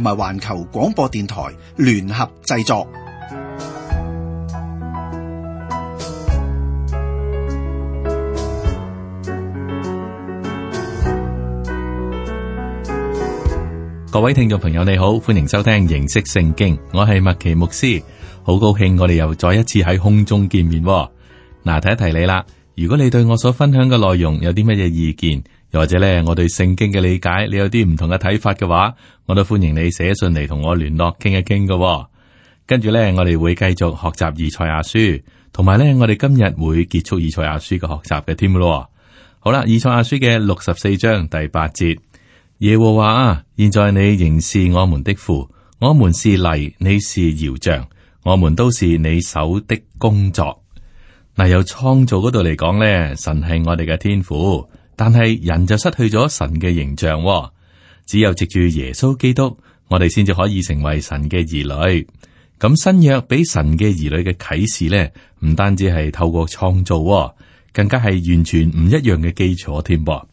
同埋環球廣播電台聯合製作。各位聽眾朋友，你好，歡迎收聽《認識聖經》，我係麥奇牧師，好高興我哋又再一次喺空中見面。嗱、啊，提一提你啦，如果你對我所分享嘅內容有啲乜嘢意見，又或者咧，我對聖經嘅理解，你有啲唔同嘅睇法嘅話，我都歡迎你寫信嚟同我聯絡，傾一傾嘅。跟住咧，我哋會繼續學習以賽亞書，同埋咧，我哋今日會結束以賽亞書嘅學習嘅，添咯。好啦，以賽亞書嘅六十四章第八節，耶和華啊，現在你仍是我們的父，我們是泥，你是窯匠，我們都是你手的工作。嗱，由創造嗰度嚟講咧，神係我哋嘅天父。但係人就失去咗神嘅形象、哦，只有藉住耶穌基督，我哋先至可以成為神嘅兒女。咁新約俾神嘅兒女嘅啟示呢，唔單止係透過創造、哦，更加係完全唔一樣嘅基礎添噃。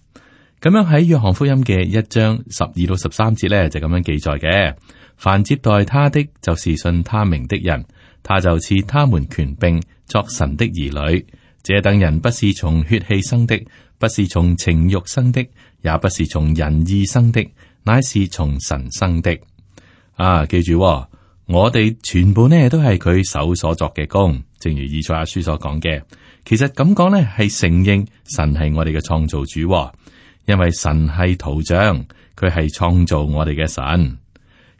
咁樣喺約翰福音嘅一章十二到十三節呢，就咁樣記載嘅。凡接待他的，就是信他名的人，他就賜他們權柄作神的兒女。這等人不是從血氣生的。不是從情欲生的，也不是從人意生的，乃是從神生的。啊，記住、哦，我哋全部呢都係佢手所作嘅工。正如以賽亞書所講嘅，其實咁講呢係承認神係我哋嘅創造主、哦，因為神係圖像，佢係創造我哋嘅神。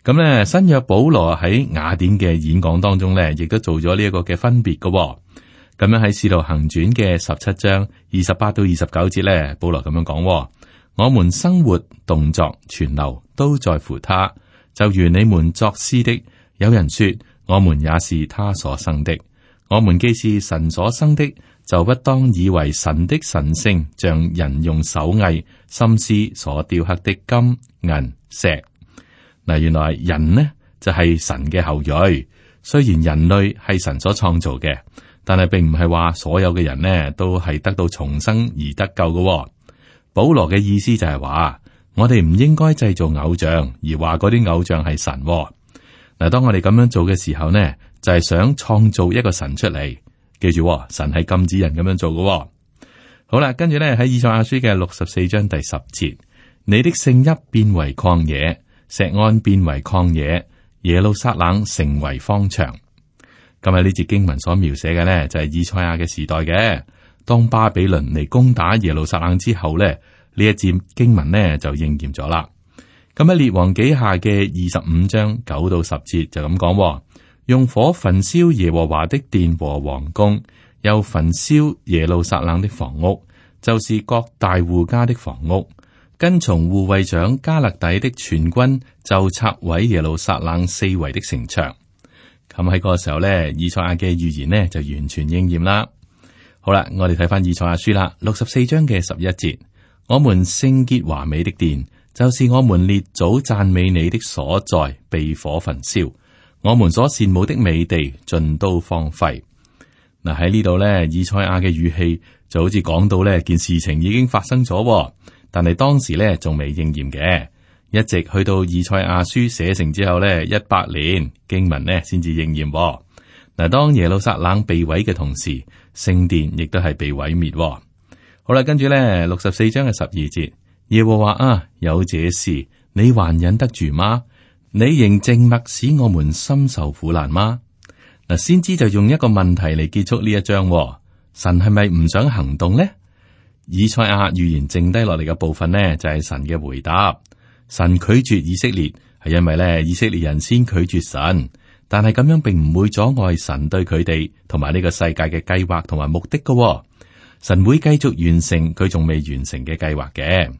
咁呢，新約保羅喺雅典嘅演講當中呢，亦都做咗呢一個嘅分別嘅、哦。咁樣喺《使徒行傳》嘅十七章二十八到二十九節咧，保羅咁樣講：我們生活、動作、全流都在乎他，就如你們作詩的，有人說我們也是他所生的。我們既是神所生的，就不當以為神的神性像人用手藝心思所雕刻的金銀石。嗱，原來人呢就係神嘅後裔，雖然人類係神所創造嘅。但係並唔係話所有嘅人呢都係得到重生而得救嘅，哦。保羅嘅意思就係話，我哋唔應該製造偶像，而話嗰啲偶像係神，哦。嗱，當我哋咁樣做嘅時候呢，就係、是、想創造一個神出嚟。記住，哦，神係禁止人咁樣做嘅，哦。好啦，跟住呢喺以賽亞書嘅六十四章第十節，你的聖邑變為曠野，錫安變為曠野，耶路撒冷成為荒場。今日呢節經文所描寫嘅呢，就係以賽亞嘅時代嘅，當巴比倫嚟攻打耶路撒冷之後呢，呢一節經文呢就應驗咗啦。咁喺列王紀下嘅二十五章九到十節就咁講，用火焚燒耶和華的殿和王宮，又焚燒耶路撒冷的房屋，就是各大戶家的房屋。跟從護衛長加勒底的全軍就拆毀耶路撒冷四圍的城牆。咁喺嗰個時候咧，以賽亞嘅預言呢就完全應驗啦。好啦，我哋睇翻以賽亞書啦，六十四章嘅十一節，我們聖潔華美的殿，就是我們列祖贊美你的所在，被火焚燒；我們所羨慕的美地，盡都荒廢。嗱，喺呢度呢，以賽亞嘅語氣就好似講到呢件事情已經發生咗，但係當時呢仲未應驗嘅。一直去到以賽亞書寫成之後呢，一百年經文呢先至應驗嗱。當耶路撒冷被毀嘅同時，聖殿亦都係被毀滅。好啦，跟住呢六十四章嘅十二節，耶和華啊，有這事，你還忍得住嗎？你仍靜默，使我們深受苦難嗎？嗱，先知就用一個問題嚟結束呢一章。「神係咪唔想行動呢？」以賽亞預言剩低落嚟嘅部分呢，就係神嘅回答。神拒絕以色列係因為咧，以色列人先拒絕神，但係咁樣並唔會阻礙神對佢哋同埋呢個世界嘅計劃同埋目的。噶神會繼續完成佢仲未完成嘅計劃嘅。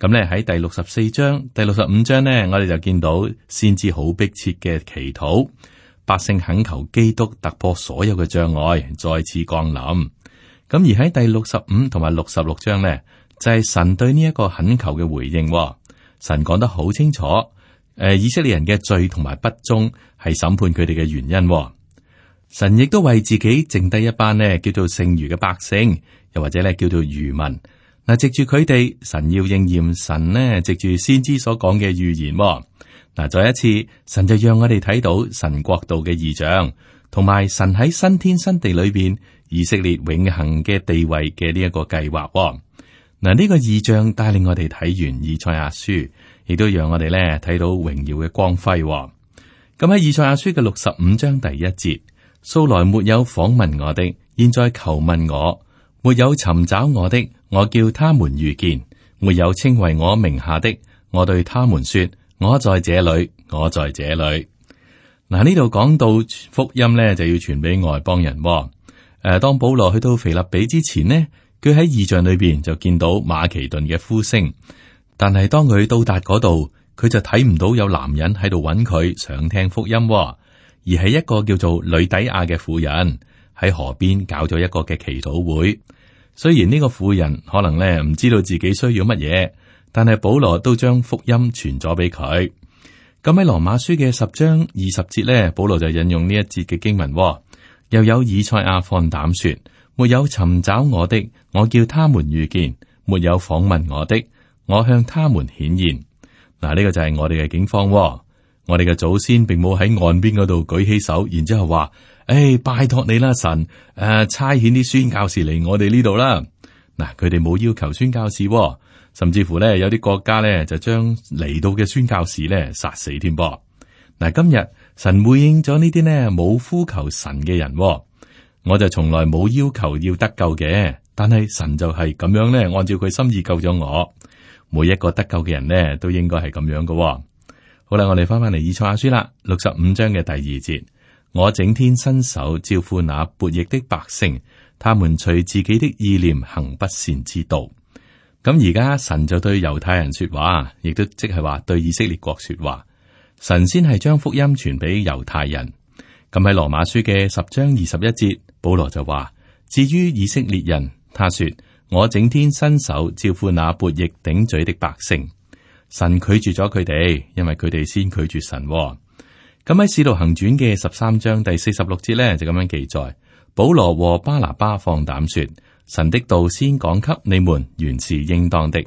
咁咧喺第六十四章、第六十五章呢，我哋就見到先知好迫切嘅祈禱，百姓懇求基督突破所有嘅障礙，再次降臨。咁而喺第六十五同埋六十六章呢，就係神對呢一個懇求嘅回應。神講得好清楚，誒，以色列人嘅罪同埋不忠係審判佢哋嘅原因。神亦都為自己剩低一班咧，叫做剩餘嘅百姓，又或者咧叫做餘民。嗱，藉住佢哋，神要應驗神咧，藉住先知所講嘅預言。嗱，再一次，神就讓我哋睇到神國度嘅異象，同埋神喺新天新地裏邊，以色列永恆嘅地位嘅呢一個計劃。嗱，呢個異象帶領我哋睇完以賽亞書，亦都讓我哋咧睇到榮耀嘅光輝、哦。咁、嗯、喺以賽亞書嘅六十五章第一節，素來沒有訪問我的，現在求問我；沒有尋找我的，我叫他們遇見；沒有稱為我名下的，我對他們說：我在這裡，我在、嗯嗯、這裡。嗱，呢度講到福音呢，就要傳俾外邦人、哦。誒、呃，當保羅去到腓立比之前呢？佢喺異象裏邊就見到馬其頓嘅呼聲，但係當佢到達嗰度，佢就睇唔到有男人喺度揾佢想聽福音，而係一個叫做呂底亞嘅婦人喺河邊搞咗一個嘅祈禱會。雖然呢個婦人可能咧唔知道自己需要乜嘢，但係保羅都將福音傳咗俾佢。咁喺羅馬書嘅十章二十節咧，保羅就引用呢一節嘅經文，又有以賽亞放膽說。沒有尋找我的，我叫他們遇見；沒有訪問我的，我向他們顯現。嗱，呢個就係我哋嘅警方、哦。我哋嘅祖先並冇喺岸邊嗰度舉起手，然之後話：誒、哎，拜託你啦，神，誒、啊，差遣啲宣教士嚟我哋呢度啦。嗱，佢哋冇要求宣教士、哦，甚至乎咧有啲國家咧就將嚟到嘅宣教士咧殺死添噃。嗱，今日神回應咗呢啲咧冇呼求神嘅人、哦。我就從來冇要求要得救嘅，但係神就係咁樣呢，按照佢心意救咗我。每一個得救嘅人呢，都應該係咁樣噶、哦。好啦，我哋翻翻嚟以賽亞書啦，六十五章嘅第二節，我整天伸手招呼那悖逆的百姓，他們隨自己的意念行不善之道。咁而家神就對猶太人說話，亦都即係話對以色列國說話。神先係將福音傳俾猶太人。咁喺羅馬書嘅十章二十一節。保羅就話：至於以色列人，他說我整天伸手招呼那悖逆頂嘴的百姓，神拒絕咗佢哋，因為佢哋先拒絕神、哦。咁喺使徒行傳嘅十三章第四十六節呢，就咁樣記載：保羅和巴拿巴放膽說，神的道先講給你們，原是應當的，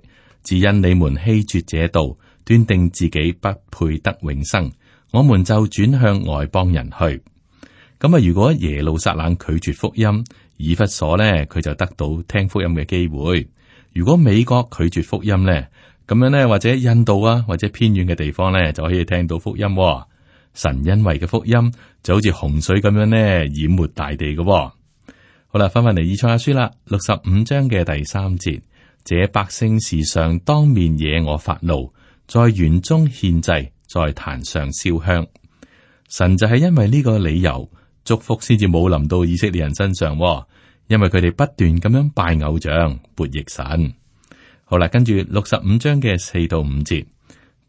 只因你們棄絕這道，斷定自己不配得永生，我們就轉向外邦人去。咁啊！如果耶路撒冷拒絕福音，以弗所咧佢就得到聽福音嘅機會；如果美國拒絕福音咧，咁樣咧或者印度啊或者偏遠嘅地方咧就可以聽到福音、哦。神恩惠嘅福音就好似洪水咁樣咧淹沒大地嘅、哦。好啦，翻返嚟以賽亞書啦，六十五章嘅第三節：，這百姓時常當面惹我發怒，在園中獻祭，在壇上燒香。神就係因為呢個理由。祝福先至冇臨到以色列人身上、哦，因為佢哋不斷咁樣拜偶像、悖逆神。好啦，跟住六十五章嘅四到五節，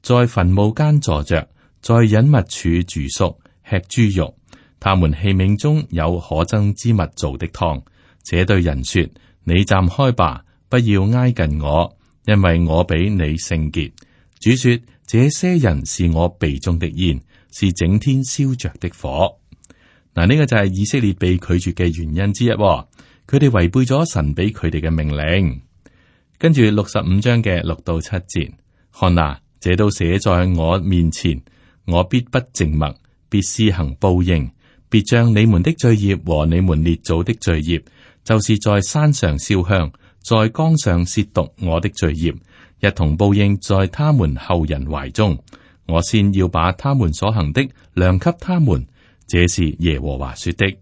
在墳墓間坐着，在隱密處住宿，吃豬肉。他們器皿中有可憎之物做的湯。且對人說：你站開吧，不要挨近我，因為我比你聖潔。主說：這些人是我鼻中的煙，是整天燒着的火。嗱，呢個就係以色列被拒絕嘅原因之一、哦，佢哋違背咗神俾佢哋嘅命令。跟住六十五章嘅六到七節，看嗱、啊，這都寫在我面前，我必不靜默，必施行報應，必將你們的罪孽和你們列祖的罪孽，就是在山上燒香，在江上褻瀆我的罪孽，一同報應在他們後人懷中。我先要把他們所行的量給他們。這是耶和華說的，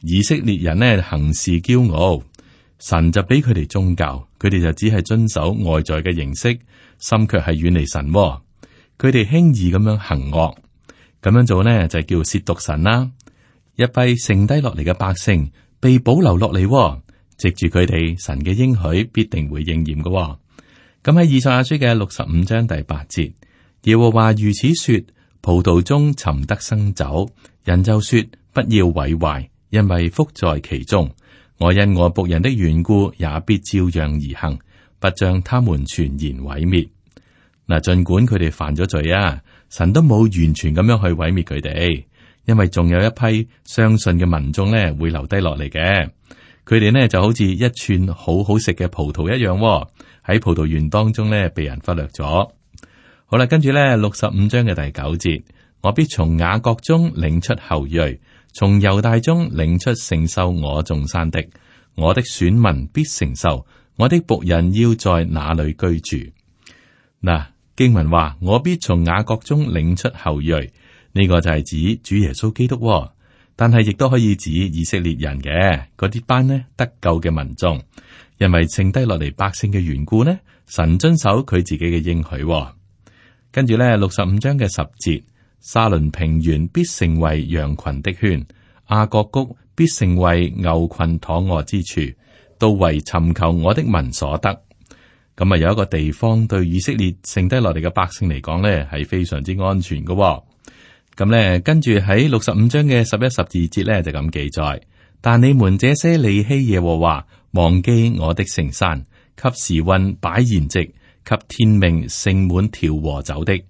以色列人呢行事驕傲，神就俾佢哋宗教，佢哋就只係遵守外在嘅形式，心卻係遠離神、哦。佢哋輕易咁樣行惡，咁樣做呢就是、叫褻瀆神啦。一批剩低落嚟嘅百姓被保留落嚟、哦，藉住佢哋神嘅應許必定會應驗嘅、哦。咁喺以賽亞書嘅六十五章第八節，耶和華如此說。葡萄中尋得新酒，人就說不要毀壞，因為福在其中。我因我僕人的緣故，也必照樣而行，不將他們全然毀滅。嗱，盡管佢哋犯咗罪啊，神都冇完全咁樣去毀滅佢哋，因為仲有一批相信嘅民眾呢會留低落嚟嘅。佢哋呢就好似一串好好食嘅葡萄一樣，喺葡萄園當中呢，被人忽略咗。好啦，跟住咧六十五章嘅第九節，我必從雅各中領出後裔，從猶大中領出承受我眾山的。我的選民必承受，我的僕人要在哪裏居住？嗱，經文話，我必從雅各中領出後裔，呢、這個就係指主耶穌基督、哦，但係亦都可以指以色列人嘅嗰啲班呢得救嘅民眾，因為剩低落嚟百姓嘅緣故呢，神遵守佢自己嘅應許、哦。跟住咧，六十五章嘅十節，沙侖平原必成為羊群的圈，亞割谷必成為牛群躺臥之處，都為尋求我的民所得。咁啊，有一個地方對以色列剩低落嚟嘅百姓嚟講呢係非常之安全嘅、哦。咁咧，跟住喺六十五章嘅十一十二節咧，就咁記載。但你們這些離棄耶和華，忘記我的聖山，給時運擺筵席。給天命盛滿調和酒的，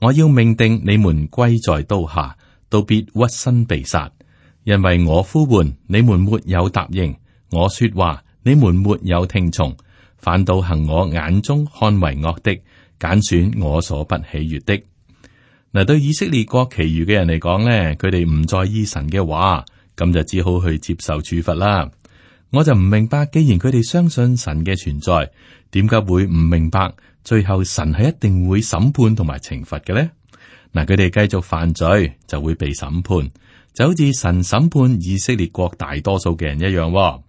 我要命定你們歸在刀下，都必屈身被殺，因為我呼喚你們沒有答應，我說話你們沒有聽從，反倒行我眼中看為惡的，揀選我所不喜悅的。嗱，對以色列國其餘嘅人嚟講呢，佢哋唔在意神嘅話，咁就只好去接受處罰啦。我就唔明白，既然佢哋相信神嘅存在，點解會唔明白最後神係一定會審判同埋懲罰嘅咧？嗱，佢哋繼續犯罪就會被審判，就好似神審判以色列國大多數嘅人一樣哦。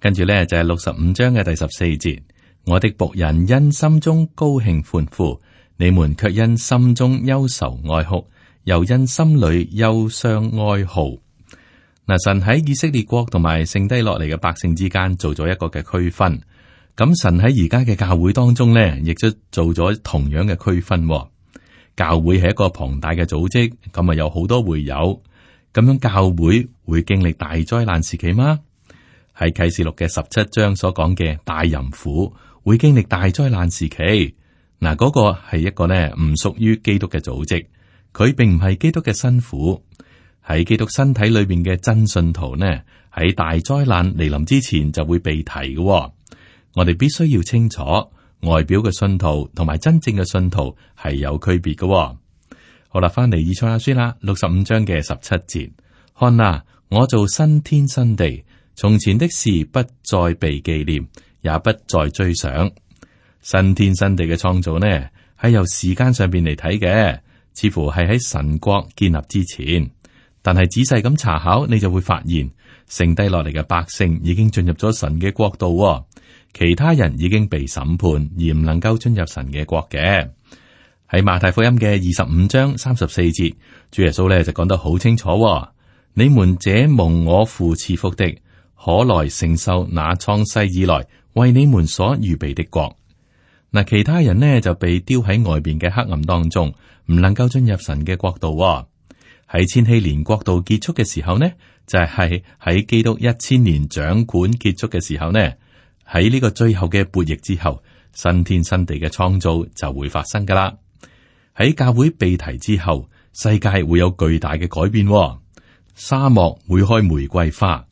跟住咧就係六十五章嘅第十四節，我的僕人因心中高興歡呼，你們卻因心中憂愁哀哭，又因心裏憂傷哀嚎。嗱，神喺以色列國同埋剩低落嚟嘅百姓之間做咗一個嘅區分，咁神喺而家嘅教會當中呢，亦都做咗同樣嘅區分。教會係一個龐大嘅組織，咁啊有好多會友，咁樣教會會經歷大災難時期嗎？喺啟示錄嘅十七章所講嘅大淫婦會經歷大災難時期。嗱，嗰個係一個呢唔屬於基督嘅組織，佢並唔係基督嘅新婦。喺基督身體裏邊嘅真信徒呢？喺大災難嚟臨之前就會被提嘅，哦。我哋必須要清楚外表嘅信徒同埋真正嘅信徒係有區別嘅，哦。好啦，翻嚟以賽亞書啦，六十五章嘅十七節，看啦、啊，我做新天新地，從前的事不再被紀念，也不再追想。新天新地嘅創造呢，係由時間上邊嚟睇嘅，似乎係喺神國建立之前。但係仔細咁查考，你就會發現剩低落嚟嘅百姓已經進入咗神嘅國度，其他人已經被審判而唔能夠進入神嘅國嘅。喺馬太福音嘅二十五章三十四節，主耶穌咧就講得好清楚：「你們這蒙我父賜福的，可來承受那創世以來為你們所預備的國。」嗱，其他人呢就被丟喺外邊嘅黑暗當中，唔能夠進入神嘅國度。喺千禧年國度結束嘅時候呢，就係、是、喺基督一千年掌管結束嘅時候呢。喺呢個最後嘅叛逆之後，新天新地嘅創造就會發生㗎喇。喺教會被提之後，世界會有巨大嘅改變、哦。沙漠會開玫瑰花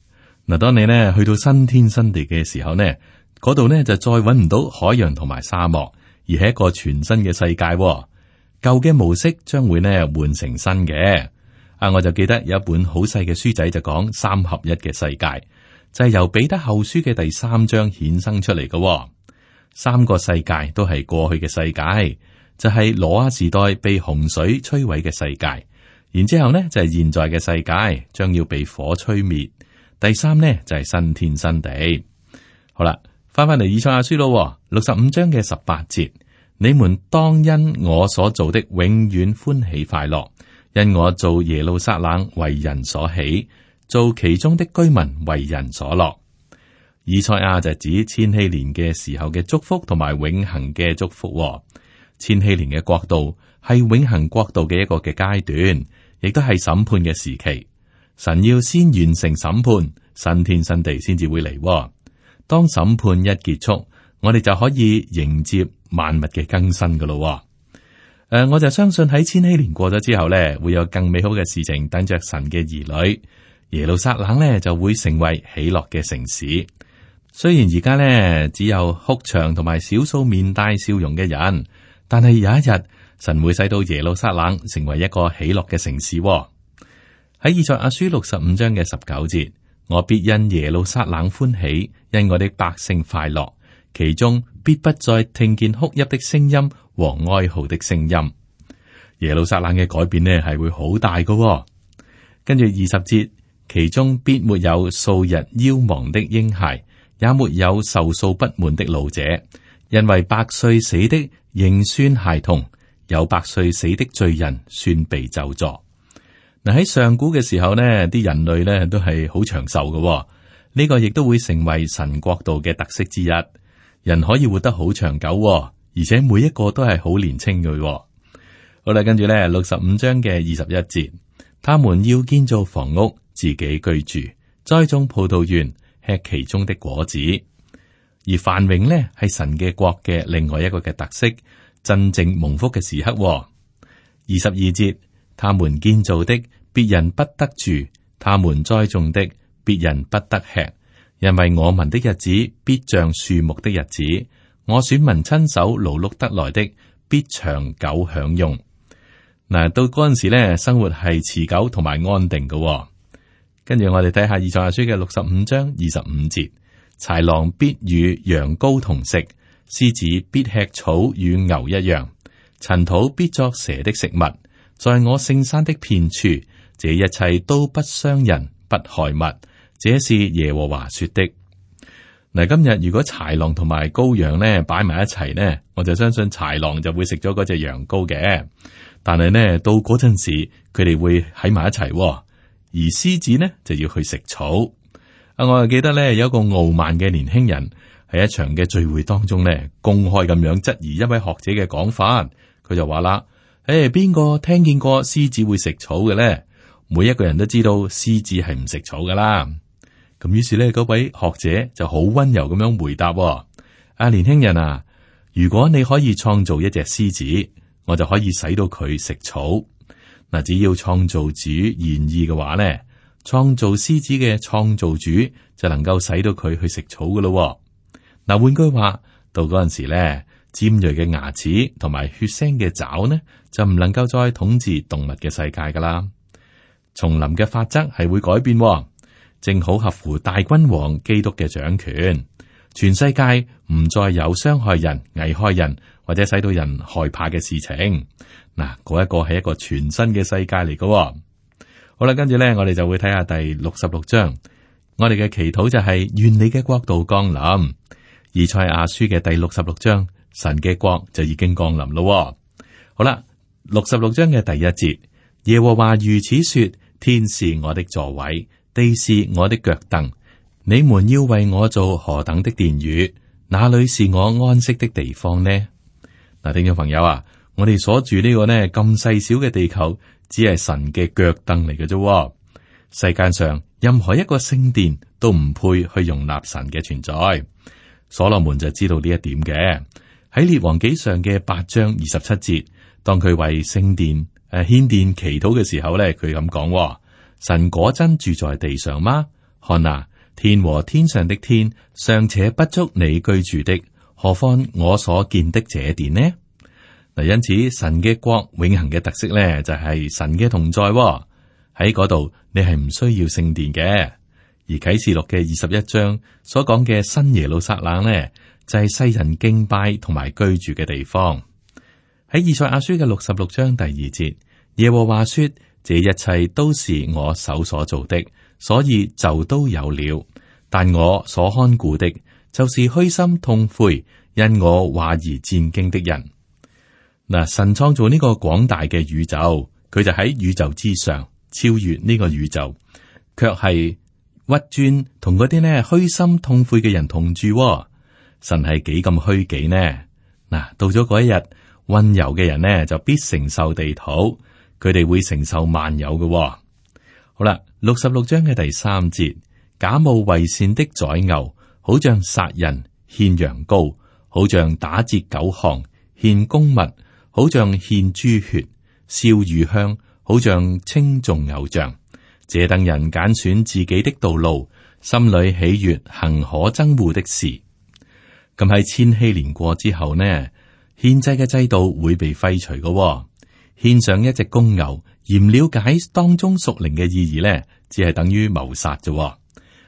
嗱。當你呢去到新天新地嘅時候呢，嗰度呢就再搵唔到海洋同埋沙漠，而係一個全新嘅世界、哦。舊嘅模式將會呢換成新嘅。啊！我就記得有一本好細嘅書仔就講三合一嘅世界，就係、是、由彼得後書嘅第三章衍生出嚟嘅。三個世界都係過去嘅世界，就係、是、挪亞時代被洪水摧毀嘅世界。然之後呢，就係現在嘅世界將要被火吹滅。第三呢，就係新天新地。好啦，翻翻嚟以賽亞書咯，六十五章嘅十八節，你們當因我所做的永遠歡喜快樂。因我造耶路撒冷為人所喜，造其中的居民為人所樂。以賽亞就指千禧年嘅時候嘅祝福同埋永恒嘅祝福。千禧年嘅國度係永恒國度嘅一個嘅階段，亦都係審判嘅時期。神要先完成審判，新天新地先至會嚟。當審判一結束，我哋就可以迎接萬物嘅更新嘅咯。誒，我就相信喺千禧年過咗之後咧，會有更美好嘅事情等着神嘅兒女。耶路撒冷咧就會成為喜樂嘅城市。雖然而家咧只有哭牆同埋少數面帶笑容嘅人，但係有一日神會使到耶路撒冷成為一個喜樂嘅城市，哦。喺以賽亞書六十五章嘅十九節，我必因耶路撒冷歡喜，因我的百姓快樂。其中必不再聽見哭泣的聲音和哀號的聲音。耶路撒冷嘅改變呢，係會好大嘅喎。跟住二十節，其中必沒有數日夭亡的嬰孩，也沒有受數不滿的老者，因為百歲死的仍算孩童，有百歲死的罪人算被咒詛。嗱，喺上古嘅時候呢，啲人類呢都係好長壽嘅喎。呢個亦都會成為神國度嘅特色之一。人可以活得好長久、哦，而且每一個都係好年青嘅、哦。好啦，跟住咧六十五章嘅二十一節，他們要建造房屋，自己居住，栽種葡萄園，吃其中的果子。而繁榮咧，係神嘅國嘅另外一個嘅特色，真正蒙，蒙福嘅時刻、哦。二十二節，他們建造的，別人不得住；他們栽種的，別人不得吃。因為我民的日子必像樹木的日子，我選民親手勞碌得來的，必長久享用。嗱，到嗰陣時咧，生活係持久同埋安定嘅喎。跟住我哋睇下《以賽亞書》嘅六十五章二十五節：豺狼必與羊羔同食，獅子必吃草與牛一樣，塵土必作蛇的食物。在我聖山的遍處，這一切都不傷人，不害物。這是耶和華說的。嗱，今日如果豺狼同埋羔羊咧擺埋一齊咧，我就相信豺狼就會食咗嗰隻羊羔嘅。但係咧，到嗰陣時，佢哋會喺埋一齊。而獅子呢就要去食草。啊，我又記得咧，有一個傲慢嘅年輕人喺一場嘅聚會當中咧，公開咁樣質疑一位學者嘅講法。佢就話啦：誒、欸，邊個聽見過獅子會食草嘅咧？每一個人都知道獅子係唔食草噶啦。咁於是呢，嗰位學者就好溫柔咁樣回答：啊，年輕人啊，如果你可以創造一隻獅子，我就可以使到佢食草。嗱，只要創造主願意嘅話呢，創造獅子嘅創造主就能夠使到佢去食草噶啦。嗱，換句話，到嗰陣時咧，尖銳嘅牙齒同埋血腥嘅爪呢，就唔能夠再統治動物嘅世界噶啦。叢林嘅法則係會改變。正好合乎大君王基督嘅掌權，全世界唔再有傷害人、危害人或者使到人害怕嘅事情。嗱，嗰一個係一個全新嘅世界嚟嘅，好啦，跟住咧，我哋就會睇下第六十六章。我哋嘅祈禱就係願你嘅國度降臨。以賽亞書嘅第六十六章，神嘅國就已經降臨咯。好啦，六十六章嘅第一節，耶和華如此說：天是我的座位。地是我的腳凳，你們要為我做何等的殿宇？哪裏是我安息的地方呢？嗱，聽眾朋友啊，我哋所住呢個呢咁細小嘅地球，只係神嘅腳凳嚟嘅啫。世界上任何一個聖殿都唔配去容納神嘅存在。所羅門就知道呢一點嘅，喺列王紀上嘅八章二十七節，當佢為聖殿誒獻、呃、殿祈禱嘅時候呢，佢咁講。神果真住在地上嗎？看啊，天和天上的天尚且不足你居住的，何況我所見的這殿呢？嗱，因此神嘅國永恆嘅特色呢，就係、是、神嘅同在喺嗰度，你係唔需要聖殿嘅。而啟示錄嘅二十一章所講嘅新耶路撒冷呢，就係、是、世人敬拜同埋居住嘅地方。喺以賽亞書嘅六十六章第二節，耶和華說。這一切都是我手所做的，所以就都有了。但我所看顧的，就是虛心痛悔因我話而戰兢的人。嗱、啊，神創造呢個廣大嘅宇宙，佢就喺宇宙之上，超越呢個宇宙，卻係屈尊同嗰啲呢虛心痛悔嘅人同住、哦。神係幾咁虛己呢？嗱、啊，到咗嗰一日，溫柔嘅人呢就必承受地土。佢哋會承受萬有嘅、哦。好啦，六十六章嘅第三節，假冒為善的宰牛，好像殺人獻羊羔，好像打折狗項獻供物，好像獻豬血燒乳香，好像稱頌偶像。這等人揀選自己的道路，心裏喜悅，行可憎惡的事。咁喺千禧年過之後呢？獻祭嘅制度會被廢除嘅、哦。獻上一隻公牛，唔了解當中屬靈嘅意義呢，只係等於謀殺啫。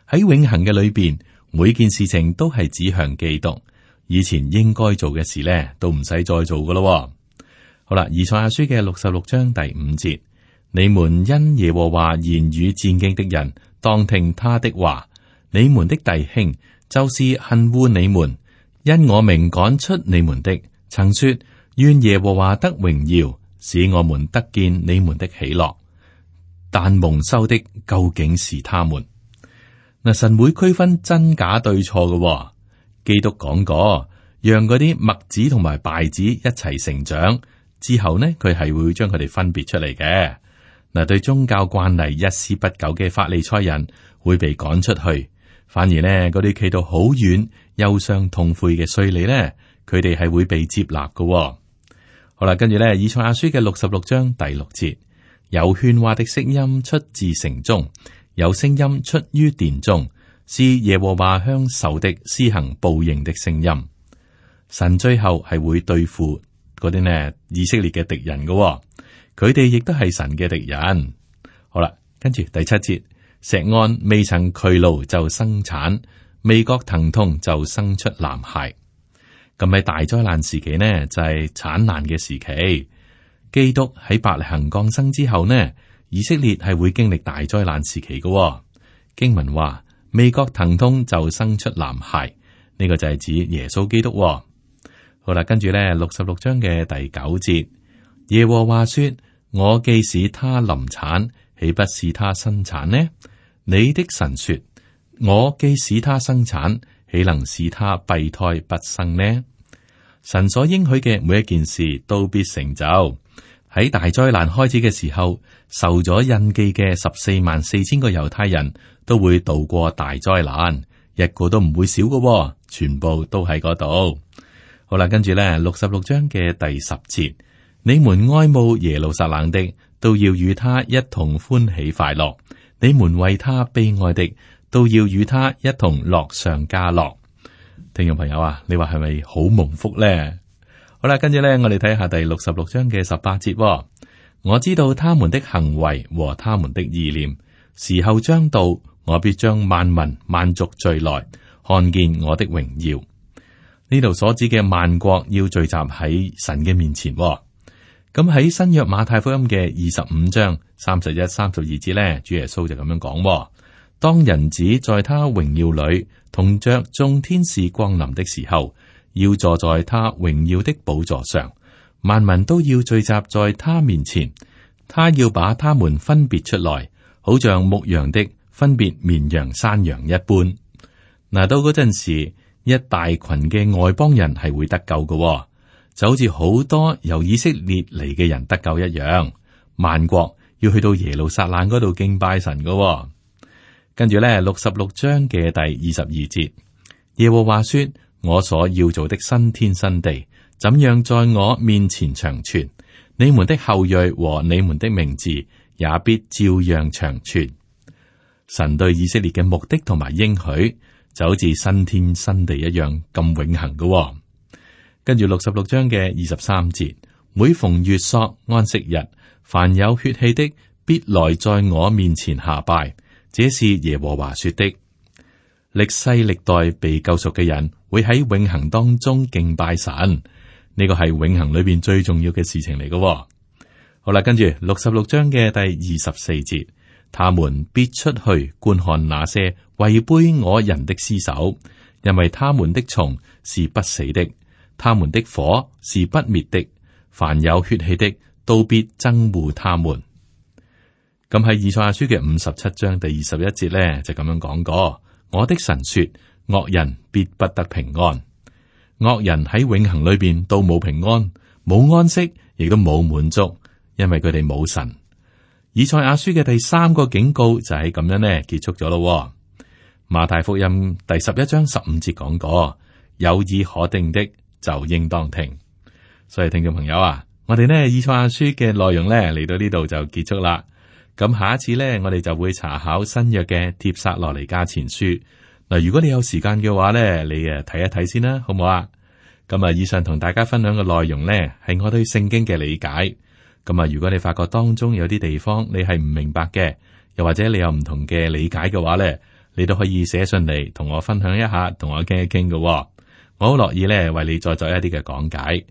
喺永恒嘅裏邊，每件事情都係指向基督。以前應該做嘅事呢都唔使再做噶啦。好啦，以賽亞書嘅六十六章第五節，你們因耶和華言語戰兢的人，當聽他的話。你們的弟兄就是恨惡你們，因我名趕出你們的，曾說願耶和華得榮耀，使我們得見你們的喜樂，但蒙羞的究竟是他們。嗱，神會區分真假對錯㗎喎。基督講過，讓嗰啲麥子同埋稗子一齊成長之後呢，佢係會將佢哋分別出嚟嘅。嗱，對宗教慣例一絲不苟嘅法利賽人會被趕出去，反而呢嗰啲企到好遠、憂傷痛悔嘅稅吏呢，佢哋係會被接納㗎喎。好啦，跟住咧，以賽亞書嘅六十六章第六節，有喧嚷的聲音出自城中，有聲音出於殿中，是耶和華向仇敵施行報應的聲音。神最後係會對付嗰啲呢以色列嘅敵人嘅、哦，佢哋亦都係神嘅敵人。好啦，跟住第七節，錫安未曾劬勞就生產，未覺疼痛就生出男孩。咁喺大災難時期呢，就係、是、產難嘅時期。基督喺伯利恆降生之後呢，以色列係會經歷大災難時期嘅、哦。經文話：未覺疼痛就生出男孩，呢、這個就係指耶穌基督、哦。好啦，跟住呢六十六章嘅第九節，耶和華說：我既使他臨產，豈不是他生產呢？你的神說：我既使他生產。豈能使他閉胎不生呢？神所應許嘅每一件事都必成就。喺大災難開始嘅時候，受咗印記嘅十四萬四千個猶太人都會度過大災難，一個都唔會少㗎，全部都喺嗰度。好啦，跟住咧六十六章嘅第十節，你們愛慕耶路撒冷的，都要與他一同歡喜快樂；你們為他悲哀的，都要與他一同樂上加樂，聽眾朋友啊，你話係咪好蒙福呢？好啦，跟住咧，我哋睇下第六十六章嘅十八節喎。我知道他們的行為和他們的意念，時候將到，我必將萬民萬族聚來，看見我的榮耀。呢度所指嘅萬國要聚集喺神嘅面前喎。咁喺新約馬太福音嘅二十五章三十一、三十二節呢，主耶穌就咁樣講喎。當人子在他榮耀裏同着眾天使降臨的時候，要坐在他榮耀的寶座上，萬民都要聚集在他面前。他要把他們分別出來，好像牧羊的分別綿羊山羊一般。嗱，到嗰陣時，一大群嘅外邦人係會得救嘅，哦，就好似好多由以色列嚟嘅人得救一樣。萬國要去到耶路撒冷嗰度敬拜神嘅，哦。跟住咧，六十六章嘅第二十二節，耶和華說：我所要做的新天新地，怎樣在我面前長存？你們的後裔和你們的名字也必照樣長存。神對以色列嘅目的同埋應許，就好似新天新地一樣咁永恆㗎，哦。跟住六十六章嘅二十三節，每逢月朔安息日，凡有血氣的必來在我面前下拜。這是耶和華說的：歷世歷代被救贖嘅人會喺永恒當中敬拜神，呢個係永恒裏邊最重要嘅事情嚟嘅。好啦，跟住六十六章嘅第二十四節，他們必出去觀看那些違背我人的屍首，因為他們的蟲是不死的，他們的火是不滅的，凡有血氣的都必憎惡他們。咁喺《以賽亞書》嘅五十七章第二十一節咧，就咁樣講過。我的神說，惡人必不得平安。惡人喺永恒裏邊都冇平安，冇安息，亦都冇滿足，因為佢哋冇神。《以賽亞書》嘅第三個警告就係咁樣咧，結束咗咯。馬太福音第十一章十五節講過，有耳可聽的就應當聽。」所以，聽眾朋友啊，我哋呢《以賽亞書》嘅內容咧，嚟到呢度就結束啦。咁下一次呢，我哋就會查考新約嘅帖撒羅尼迦前書嗱。如果你有時間嘅話呢，你誒睇一睇先啦，好唔好啊？咁啊，以上同大家分享嘅內容呢，係我對聖經嘅理解。咁啊，如果你發覺當中有啲地方你係唔明白嘅，又或者你有唔同嘅理解嘅話呢，你都可以寫信嚟同我分享一下，同我傾一傾嘅。我好樂意咧，為你再做，做一啲嘅講解。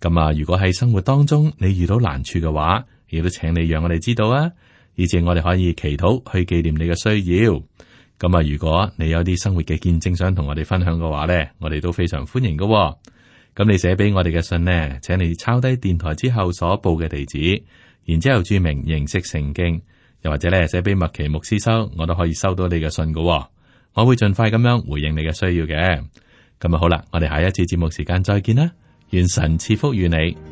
咁啊，如果喺生活當中你遇到難處嘅話，亦都請你讓我哋知道啊。以前我哋可以祈禱去紀念你嘅需要，咁啊，如果你有啲生活嘅見證想同我哋分享嘅話咧，我哋都非常歡迎噶、哦。咁你寫俾我哋嘅信呢，請你抄低電台之後所報嘅地址，然之後注明認識聖經，又或者咧寫俾麥奇牧師收，我都可以收到你嘅信噶、哦。我會盡快咁樣回應你嘅需要嘅。咁啊好啦，我哋下一次節目時間再見啦，願神賜福與你。